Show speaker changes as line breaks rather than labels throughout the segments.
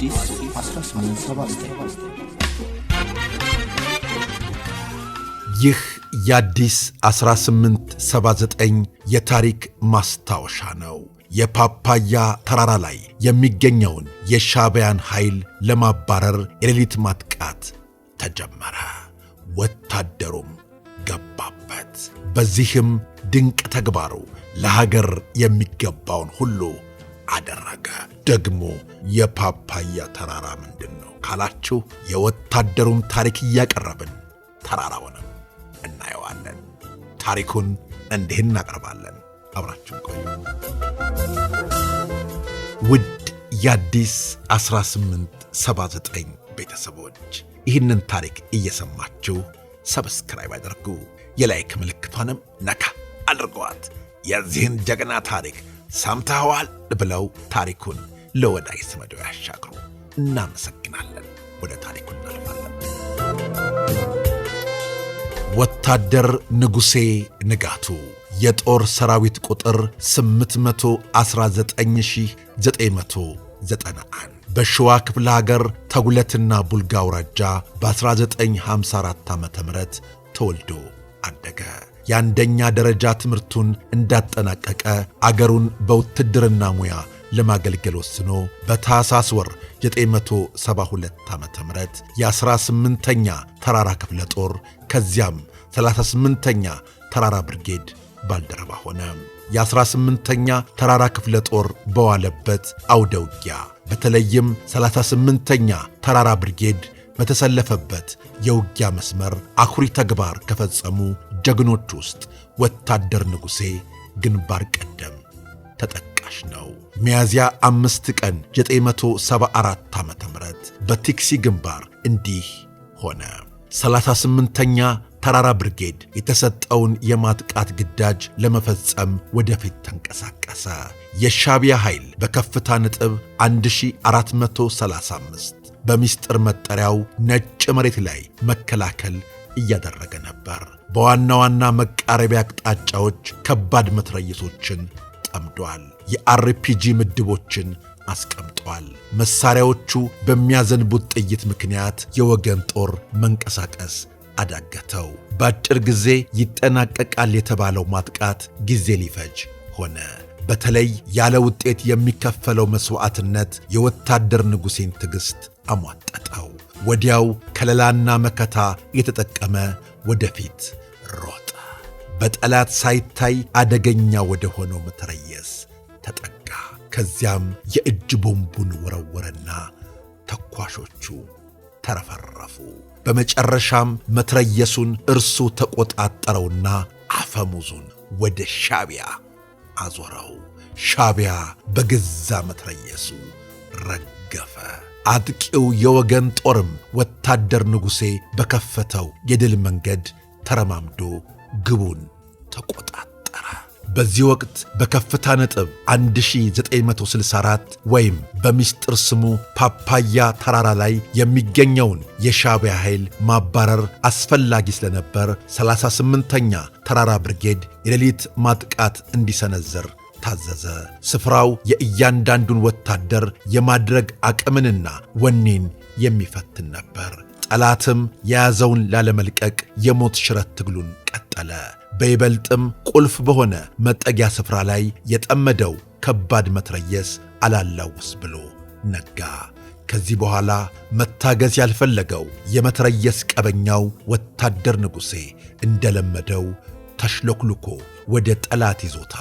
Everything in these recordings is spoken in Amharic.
አዲስ 1879 ይህ የአዲስ 1879 የታሪክ ማስታወሻ ነው። የፓፓያ ተራራ ላይ የሚገኘውን የሻዕቢያን ኃይል ለማባረር የሌሊት ማጥቃት ተጀመረ። ወታደሩም ገባበት። በዚህም ድንቅ ተግባሩ ለሀገር የሚገባውን ሁሉ አደረገ። ደግሞ የፓፓያ ተራራ ምንድን ነው ካላችሁ የወታደሩን ታሪክ እያቀረብን ተራራውንም እናየዋለን። ታሪኩን እንዲህ እናቀርባለን። አብራችሁ ቆዩ። ውድ የአዲስ 1879 ቤተሰቦች ይህንን ታሪክ እየሰማችሁ ሰብስክራይብ አድርጉ። የላይክ ምልክቷንም ነካ አድርገዋት የዚህን ጀግና ታሪክ ሰምተኸዋል ብለው ታሪኩን ለወዳጅ ዘመዶ ያሻግሩ። እናመሰግናለን። ወደ ታሪኩ እናልፋለን። ወታደር ንጉሴ ንጋቱ የጦር ሰራዊት ቁጥር 819991 በሸዋ ክፍለ ሀገር ተጉለትና ቡልጋ አውራጃ በ1954 ዓ ም ተወልዶ አደገ። የአንደኛ ደረጃ ትምህርቱን እንዳጠናቀቀ አገሩን በውትድርና ሙያ ለማገልገል ወስኖ በታሳስ ወር 972 ዓ ም የ18ኛ ተራራ ክፍለ ጦር ከዚያም 38ኛ ተራራ ብርጌድ ባልደረባ ሆነ። የ18ኛ ተራራ ክፍለ ጦር በዋለበት አውደ ውጊያ በተለይም 38ኛ ተራራ ብርጌድ በተሰለፈበት የውጊያ መስመር አኩሪ ተግባር ከፈጸሙ ጀግኖች ውስጥ ወታደር ንጉሴ ግንባር ቀደም ተጠቀ ነው። ሚያዝያ አምስት ቀን 974 ዓ ም በቲክሲ ግንባር እንዲህ ሆነ። 38ኛ ተራራ ብርጌድ የተሰጠውን የማጥቃት ግዳጅ ለመፈጸም ወደፊት ተንቀሳቀሰ። የሻቢያ ኃይል በከፍታ ነጥብ 1435 በሚስጥር መጠሪያው ነጭ መሬት ላይ መከላከል እያደረገ ነበር። በዋና ዋና መቃረቢያ አቅጣጫዎች ከባድ መትረየሶችን ተጠምዷል። የአርፒጂ ምድቦችን አስቀምጧል። መሳሪያዎቹ በሚያዘንቡት ጥይት ምክንያት የወገን ጦር መንቀሳቀስ አዳገተው። በአጭር ጊዜ ይጠናቀቃል የተባለው ማጥቃት ጊዜ ሊፈጅ ሆነ። በተለይ ያለ ውጤት የሚከፈለው መሥዋዕትነት የወታደር ንጉሴን ትዕግሥት አሟጠጠው። ወዲያው ከለላና መከታ የተጠቀመ ወደፊት ሮጠ። በጠላት ሳይታይ አደገኛ ወደ ሆነው መትረየስ ተጠጋ። ከዚያም የእጅ ቦምቡን ወረወረና ተኳሾቹ ተረፈረፉ። በመጨረሻም መትረየሱን እርሱ ተቆጣጠረውና አፈሙዙን ወደ ሻቢያ አዞረው። ሻቢያ በገዛ መትረየሱ ረገፈ። አጥቂው የወገን ጦርም ወታደር ንጉሴ በከፈተው የድል መንገድ ተረማምዶ ግቡን ተቆጣጠረ። በዚህ ወቅት በከፍታ ነጥብ 1964 ወይም በሚስጥር ስሙ ፓፓያ ተራራ ላይ የሚገኘውን የሻቢያ ኃይል ማባረር አስፈላጊ ስለነበር 38ኛ ተራራ ብርጌድ የሌሊት ማጥቃት እንዲሰነዝር ታዘዘ። ስፍራው የእያንዳንዱን ወታደር የማድረግ አቅምንና ወኔን የሚፈትን ነበር። ጠላትም የያዘውን ላለመልቀቅ የሞት ሽረት ትግሉን ቀጠለ። በይበልጥም ቁልፍ በሆነ መጠጊያ ስፍራ ላይ የጠመደው ከባድ መትረየስ አላላውስ ብሎ ነጋ። ከዚህ በኋላ መታገዝ ያልፈለገው የመትረየስ ቀበኛው ወታደር ንጉሴ እንደለመደው ተሽሎክልኮ ወደ ጠላት ይዞታ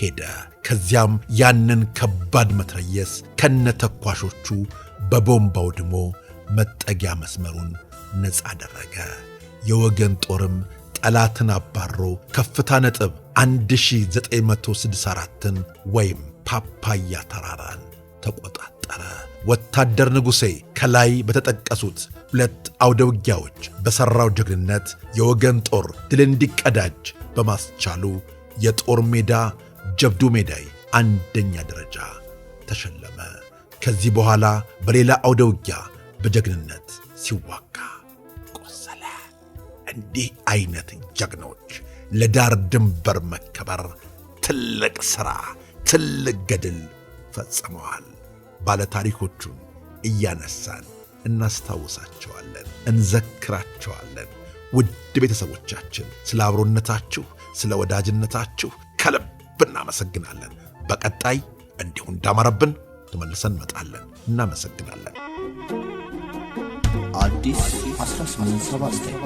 ሄደ። ከዚያም ያንን ከባድ መትረየስ ከነተኳሾቹ ተኳሾቹ በቦምባው ድሞ መጠጊያ መስመሩን ነፃ አደረገ። የወገን ጦርም ጠላትን አባሮ ከፍታ ነጥብ 1964ን ወይም ፓፓያ ተራራን ተቆጣጠረ። ወታደር ንጉሴ ከላይ በተጠቀሱት ሁለት አውደ ውጊያዎች በሠራው ጀግንነት የወገን ጦር ድል እንዲቀዳጅ በማስቻሉ የጦር ሜዳ ጀብዱ ሜዳይ አንደኛ ደረጃ ተሸለመ። ከዚህ በኋላ በሌላ አውደ ውጊያ በጀግንነት ሲዋጋ ቆሰለ። እንዲህ አይነት ጀግኖች ለዳር ድንበር መከበር ትልቅ ሥራ፣ ትልቅ ገድል ፈጽመዋል። ባለታሪኮቹን እያነሳን እናስታውሳቸዋለን፣ እንዘክራቸዋለን። ውድ ቤተሰቦቻችን ስለ አብሮነታችሁ፣ ስለ ወዳጅነታችሁ ከልብ እናመሰግናለን። በቀጣይ እንዲሁ እንዳመረብን ተመልሰን እንመጣለን። እናመሰግናለን። አዲስ 1879